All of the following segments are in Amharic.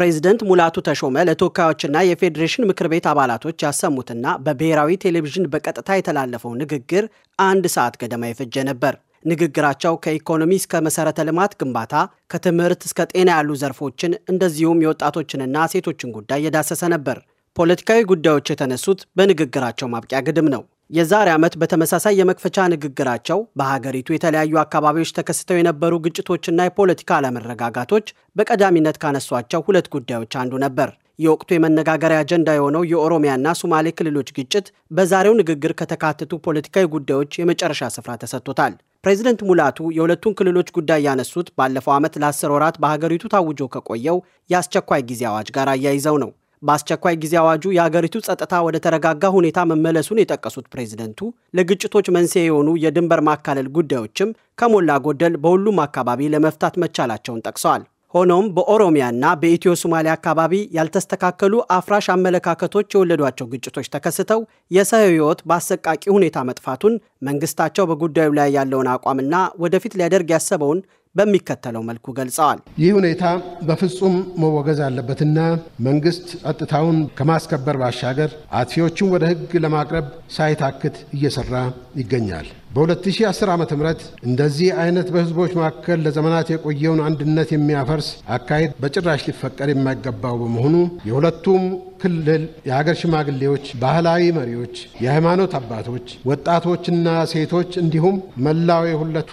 ፕሬዚደንት ሙላቱ ተሾመ ለተወካዮችና የፌዴሬሽን ምክር ቤት አባላቶች ያሰሙትና በብሔራዊ ቴሌቪዥን በቀጥታ የተላለፈው ንግግር አንድ ሰዓት ገደማ የፈጀ ነበር። ንግግራቸው ከኢኮኖሚ እስከ መሰረተ ልማት ግንባታ፣ ከትምህርት እስከ ጤና ያሉ ዘርፎችን እንደዚሁም የወጣቶችንና ሴቶችን ጉዳይ የዳሰሰ ነበር። ፖለቲካዊ ጉዳዮች የተነሱት በንግግራቸው ማብቂያ ግድም ነው። የዛሬ ዓመት በተመሳሳይ የመክፈቻ ንግግራቸው በሀገሪቱ የተለያዩ አካባቢዎች ተከስተው የነበሩ ግጭቶችና የፖለቲካ አለመረጋጋቶች በቀዳሚነት ካነሷቸው ሁለት ጉዳዮች አንዱ ነበር። የወቅቱ የመነጋገሪያ አጀንዳ የሆነው የኦሮሚያና ሶማሌ ክልሎች ግጭት በዛሬው ንግግር ከተካተቱ ፖለቲካዊ ጉዳዮች የመጨረሻ ስፍራ ተሰጥቶታል። ፕሬዚደንት ሙላቱ የሁለቱን ክልሎች ጉዳይ ያነሱት ባለፈው ዓመት ለአስር ወራት በሀገሪቱ ታውጆ ከቆየው የአስቸኳይ ጊዜ አዋጅ ጋር አያይዘው ነው። በአስቸኳይ ጊዜ አዋጁ የአገሪቱ ጸጥታ ወደ ተረጋጋ ሁኔታ መመለሱን የጠቀሱት ፕሬዝደንቱ ለግጭቶች መንስኤ የሆኑ የድንበር ማካለል ጉዳዮችም ከሞላ ጎደል በሁሉም አካባቢ ለመፍታት መቻላቸውን ጠቅሰዋል። ሆኖም በኦሮሚያና በኢትዮ ሶማሌ አካባቢ ያልተስተካከሉ አፍራሽ አመለካከቶች የወለዷቸው ግጭቶች ተከስተው የሰው ሕይወት በአሰቃቂ ሁኔታ መጥፋቱን መንግስታቸው በጉዳዩ ላይ ያለውን አቋምና ወደፊት ሊያደርግ ያሰበውን በሚከተለው መልኩ ገልጸዋል። ይህ ሁኔታ በፍጹም መወገዝ አለበትና መንግስት ጸጥታውን ከማስከበር ባሻገር አጥፊዎቹን ወደ ህግ ለማቅረብ ሳይታክት እየሰራ ይገኛል። በ2010 ዓ ም እንደዚህ አይነት በህዝቦች መካከል ለዘመናት የቆየውን አንድነት የሚያፈርስ አካሄድ በጭራሽ ሊፈቀድ የማይገባው በመሆኑ የሁለቱም ክልል የሀገር ሽማግሌዎች፣ ባህላዊ መሪዎች፣ የሃይማኖት አባቶች፣ ወጣቶችና ሴቶች እንዲሁም መላው የሁለቱ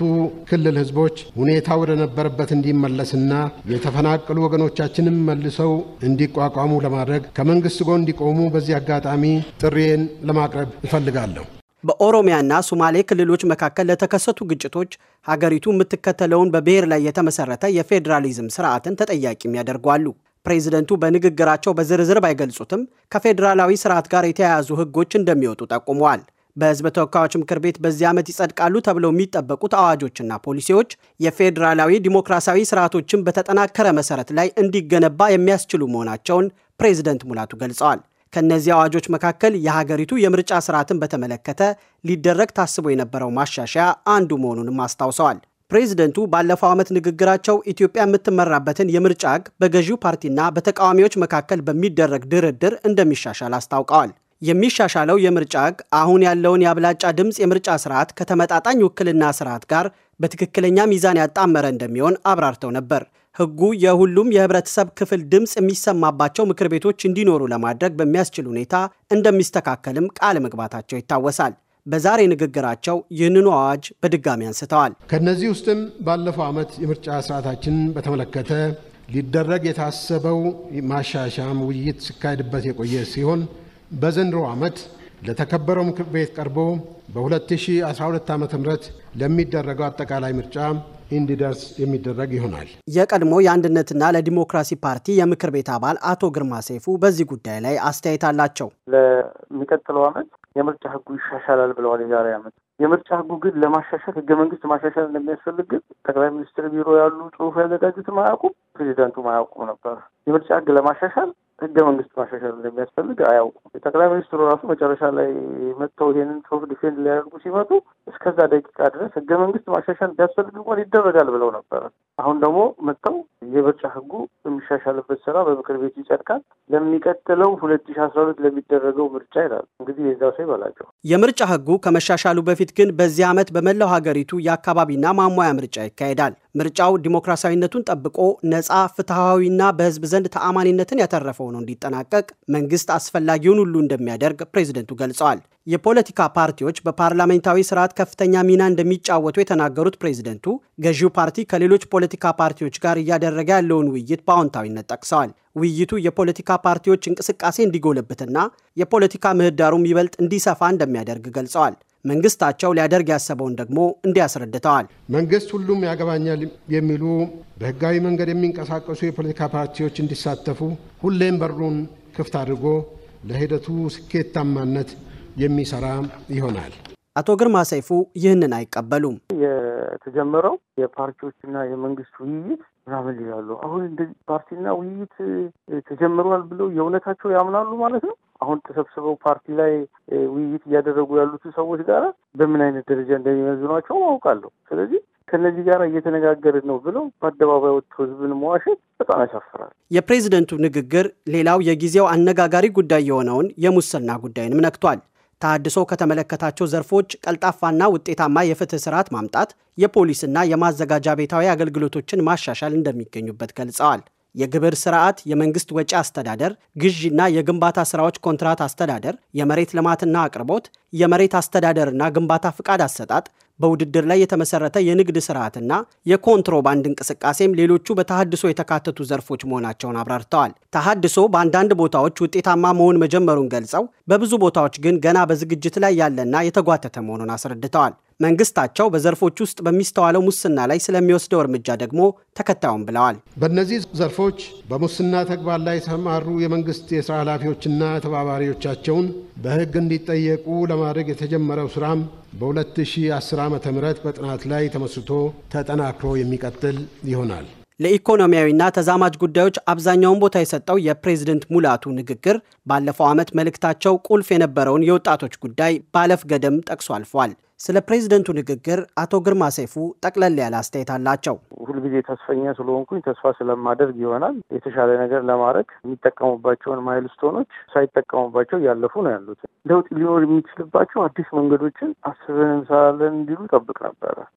ክልል ህዝቦች ሁኔታ ወደ ነበረበት እንዲመለስና የተፈናቀሉ ወገኖቻችንም መልሰው እንዲቋቋሙ ለማድረግ ከመንግስት ጎን እንዲቆሙ በዚህ አጋጣሚ ጥሬን ለማቅረብ እፈልጋለሁ። በኦሮሚያና ሶማሌ ክልሎች መካከል ለተከሰቱ ግጭቶች ሀገሪቱ የምትከተለውን በብሔር ላይ የተመሰረተ የፌዴራሊዝም ስርዓትን ተጠያቂም ያደርጓሉ። ፕሬዚደንቱ በንግግራቸው በዝርዝር ባይገልጹትም ከፌዴራላዊ ስርዓት ጋር የተያያዙ ህጎች እንደሚወጡ ጠቁመዋል። በህዝብ ተወካዮች ምክር ቤት በዚህ ዓመት ይጸድቃሉ ተብለው የሚጠበቁት አዋጆችና ፖሊሲዎች የፌዴራላዊ ዲሞክራሲያዊ ስርዓቶችን በተጠናከረ መሰረት ላይ እንዲገነባ የሚያስችሉ መሆናቸውን ፕሬዚደንት ሙላቱ ገልጸዋል። ከእነዚህ አዋጆች መካከል የሀገሪቱ የምርጫ ስርዓትን በተመለከተ ሊደረግ ታስቦ የነበረው ማሻሻያ አንዱ መሆኑንም አስታውሰዋል። ፕሬዚደንቱ ባለፈው ዓመት ንግግራቸው ኢትዮጵያ የምትመራበትን የምርጫ ሕግ በገዢው ፓርቲና በተቃዋሚዎች መካከል በሚደረግ ድርድር እንደሚሻሻል አስታውቀዋል። የሚሻሻለው የምርጫ ሕግ አሁን ያለውን የአብላጫ ድምፅ የምርጫ ስርዓት ከተመጣጣኝ ውክልና ስርዓት ጋር በትክክለኛ ሚዛን ያጣመረ እንደሚሆን አብራርተው ነበር። ህጉ የሁሉም የህብረተሰብ ክፍል ድምፅ የሚሰማባቸው ምክር ቤቶች እንዲኖሩ ለማድረግ በሚያስችል ሁኔታ እንደሚስተካከልም ቃል መግባታቸው ይታወሳል። በዛሬ ንግግራቸው ይህንኑ አዋጅ በድጋሚ አንስተዋል። ከእነዚህ ውስጥም ባለፈው ዓመት የምርጫ ስርዓታችንን በተመለከተ ሊደረግ የታሰበው ማሻሻም ውይይት ሲካሄድበት የቆየ ሲሆን በዘንድሮ ዓመት ለተከበረው ምክር ቤት ቀርቦ በ2012 ዓ ም ለሚደረገው አጠቃላይ ምርጫ እንዲደርስ የሚደረግ ይሆናል። የቀድሞ የአንድነትና ለዲሞክራሲ ፓርቲ የምክር ቤት አባል አቶ ግርማ ሰይፉ በዚህ ጉዳይ ላይ አስተያየት አላቸው። ለሚቀጥለው ዓመት የምርጫ ህጉ ይሻሻላል ብለዋል። የዛሬ ዓመት የምርጫ ህጉ ግን ለማሻሻል ህገ መንግስት ማሻሻል እንደሚያስፈልግ ግን ጠቅላይ ሚኒስትር ቢሮ ያሉ ጽሁፍ ያዘጋጁትም አያውቁም፣ ፕሬዚዳንቱም አያውቁም ነበር። የምርጫ ህግ ለማሻሻል ህገ መንግስት ማሻሻል እንደሚያስፈልግ አያውቁም። የጠቅላይ ሚኒስትሩ ራሱ መጨረሻ ላይ መጥተው ይሄንን ጽሁፍ ዲፌንድ ሊያደርጉ ሲመጡ እስከዛ ደቂቃ ድረስ ህገ መንግስት ማሻሻል ቢያስፈልግ እንኳን ይደረጋል ብለው ነበረ። አሁን ደግሞ መጥተው የምርጫ ህጉ የሚሻሻልበት ስራ በምክር ቤቱ ይጸድቃል፣ ለሚቀጥለው ሁለት ሺ አስራ ሁለት ለሚደረገው ምርጫ ይላል። እንግዲህ የዛው ሰው ይበላቸው። የምርጫ ህጉ ከመሻሻሉ በፊት ግን በዚህ ዓመት በመላው ሀገሪቱ የአካባቢና ማሟያ ምርጫ ይካሄዳል። ምርጫው ዲሞክራሲያዊነቱን ጠብቆ ነፃ ፍትሐዊና በህዝብ ዘንድ ተአማኒነትን ያተረፈው ነው እንዲጠናቀቅ መንግስት አስፈላጊውን ሁሉ እንደሚያደርግ ፕሬዚደንቱ ገልጸዋል። የፖለቲካ ፓርቲዎች በፓርላሜንታዊ ስርዓት ከፍተኛ ሚና እንደሚጫወቱ የተናገሩት ፕሬዚደንቱ ገዢው ፓርቲ ከሌሎች ፖለቲካ ፓርቲዎች ጋር እያደረገ ያለውን ውይይት በአዎንታዊነት ጠቅሰዋል። ውይይቱ የፖለቲካ ፓርቲዎች እንቅስቃሴ እንዲጎለብትና የፖለቲካ ምህዳሩም ይበልጥ እንዲሰፋ እንደሚያደርግ ገልጸዋል። መንግስታቸው ሊያደርግ ያሰበውን ደግሞ እንዲያስረድተዋል። መንግስት ሁሉም ያገባኛል የሚሉ በህጋዊ መንገድ የሚንቀሳቀሱ የፖለቲካ ፓርቲዎች እንዲሳተፉ ሁሌም በሩን ክፍት አድርጎ ለሂደቱ ስኬታማነት የሚሰራ ይሆናል። አቶ ግርማ ሰይፉ ይህንን አይቀበሉም። የተጀመረው የፓርቲዎችና የመንግስት ውይይት ምናምን ይላሉ። አሁን እንደዚህ ፓርቲና ውይይት ተጀምሯል ብለው የእውነታቸው ያምናሉ ማለት ነው። አሁን ተሰብስበው ፓርቲ ላይ ውይይት እያደረጉ ያሉት ሰዎች ጋር በምን አይነት ደረጃ እንደሚመዝኗቸው አውቃለሁ። ስለዚህ ከነዚህ ጋር እየተነጋገርን ነው ብለው በአደባባይ ወጥቶ ህዝብን መዋሸት በጣም ያሳፍራል። የፕሬዝደንቱ ንግግር ሌላው የጊዜው አነጋጋሪ ጉዳይ የሆነውን የሙስና ጉዳይንም ነክቷል። ተሃድሶ ከተመለከታቸው ዘርፎች ቀልጣፋና ውጤታማ የፍትህ ስርዓት ማምጣት፣ የፖሊስና የማዘጋጃ ቤታዊ አገልግሎቶችን ማሻሻል እንደሚገኙበት ገልጸዋል። የግብር ስርዓት፣ የመንግስት ወጪ አስተዳደር፣ ግዢና የግንባታ ስራዎች ኮንትራት አስተዳደር፣ የመሬት ልማትና አቅርቦት፣ የመሬት አስተዳደርና ግንባታ ፍቃድ አሰጣጥ፣ በውድድር ላይ የተመሰረተ የንግድ ስርዓትና የኮንትሮባንድ እንቅስቃሴም ሌሎቹ በተሃድሶ የተካተቱ ዘርፎች መሆናቸውን አብራርተዋል። ተሃድሶ በአንዳንድ ቦታዎች ውጤታማ መሆን መጀመሩን ገልጸው በብዙ ቦታዎች ግን ገና በዝግጅት ላይ ያለና የተጓተተ መሆኑን አስረድተዋል። መንግስታቸው በዘርፎች ውስጥ በሚስተዋለው ሙስና ላይ ስለሚወስደው እርምጃ ደግሞ ተከታዩም ብለዋል። በእነዚህ ዘርፎች በሙስና ተግባር ላይ የተሰማሩ የመንግስት የስራ ኃላፊዎችና ተባባሪዎቻቸውን በህግ እንዲጠየቁ ለማድረግ የተጀመረው ስራም በ2010 ዓ ም በጥናት ላይ ተመስርቶ ተጠናክሮ የሚቀጥል ይሆናል። ለኢኮኖሚያዊና ተዛማጅ ጉዳዮች አብዛኛውን ቦታ የሰጠው የፕሬዝደንት ሙላቱ ንግግር ባለፈው ዓመት መልእክታቸው ቁልፍ የነበረውን የወጣቶች ጉዳይ ባለፍ ገደም ጠቅሶ አልፏል። ስለ ፕሬዝደንቱ ንግግር አቶ ግርማ ሰይፉ ጠቅለል ያለ አስተያየት አላቸው። ሁልጊዜ ተስፈኛ ስለሆንኩኝ ተስፋ ስለማደርግ ይሆናል የተሻለ ነገር ለማድረግ የሚጠቀሙባቸውን ማይልስቶኖች ሳይጠቀሙባቸው እያለፉ ነው ያሉት። ለውጥ ሊኖር የሚችልባቸው አዲስ መንገዶችን አስበን እንሰራለን እንዲሉ ጠብቅ ነበረ።